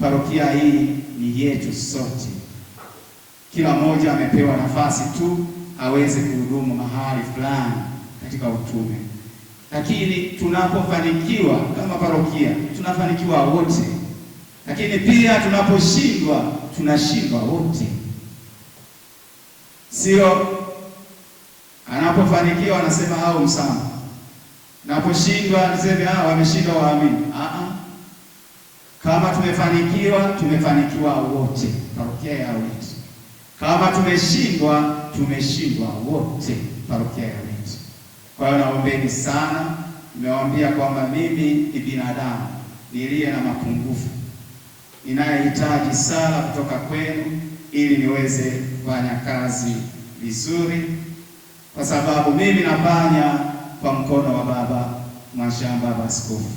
parokia hii ni yetu sote, kila mmoja amepewa nafasi tu aweze kuhudumu mahali fulani katika utume. Lakini tunapofanikiwa kama parokia tunafanikiwa wote, lakini pia tunaposhindwa tunashindwa wote, sio anapofanikiwa anasema au msama, naposhindwa niseme ah, wameshindwa waamini. Ah, kama tumefanikiwa, tumefanikiwa wote, parokia ya Ulinzi. Kama tumeshindwa, tumeshindwa wote, parokia ya Ulinzi. Kwa hiyo naombeni sana, nimewaambia kwamba mimi ni binadamu niliye na mapungufu, ninayehitaji sala kutoka kwenu ili niweze kufanya kazi vizuri, kwa sababu mimi nafanya kwa mkono wa Baba Mwashamba, Baba Askofu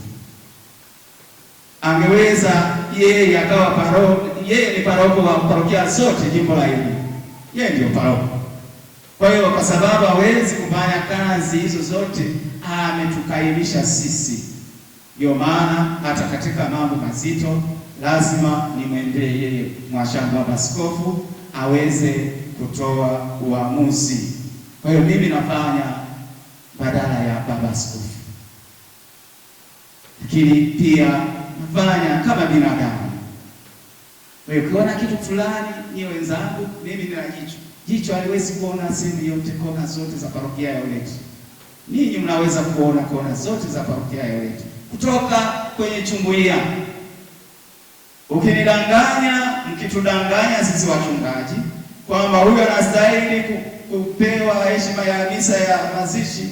angeweza yeye akawa paroko, yeye ni paroko wa parokia zote jimbo la hili yeye ndio paroko. Kwa hiyo kwa sababu hawezi kufanya kazi hizo zote, ametukailisha sisi. Ndio maana hata katika mambo mazito lazima nimwendee yeye mwashamba wa askofu aweze kutoa uamuzi. Kwa hiyo mimi nafanya badala ya baba askofu, lakini pia kufanya kama binadamu. Kwa hiyo ukiona kitu fulani, ni wenzangu, mimi nina jicho. Jicho haliwezi kuona sehemu yote, kona zote za parokia ya Ulete. Ninyi mnaweza kuona kona zote za parokia ya Ulete kutoka kwenye chungulia. Ukinidanganya, mkitudanganya sisi wachungaji kwamba huyo anastahili kupewa heshima ya misa ya mazishi,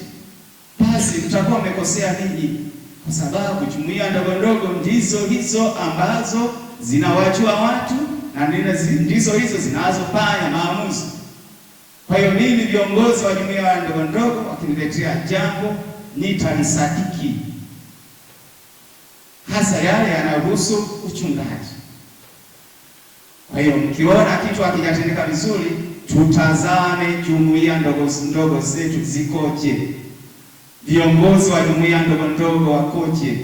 basi mtakuwa mmekosea ninyi kwa sababu jumuiya ndogondogo ndizo hizo ambazo zinawajua watu na ndizo hizo zinazofanya maamuzi. Kwa hiyo mimi viongozi wa jumuiya ndogo wakiniletea jambo nitalisadiki, hasa yale yanayohusu uchungaji. Kwa hiyo mkiona kitu hakijatendeka vizuri, tutazame jumuiya ndogo ndogo zetu zikoje viongozi wa jumuiya ndogo ndogo wakoje,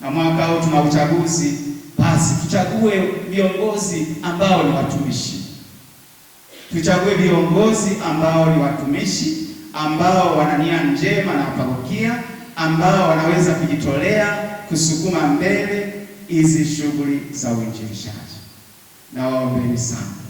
na mwaka huu tuna uchaguzi, basi tuchague viongozi ambao ni watumishi, tuchague viongozi ambao ni watumishi, ambao wana nia njema na parokia, ambao wanaweza kujitolea kusukuma mbele hizi shughuli za uinjilishaji. Nawaombeni sana.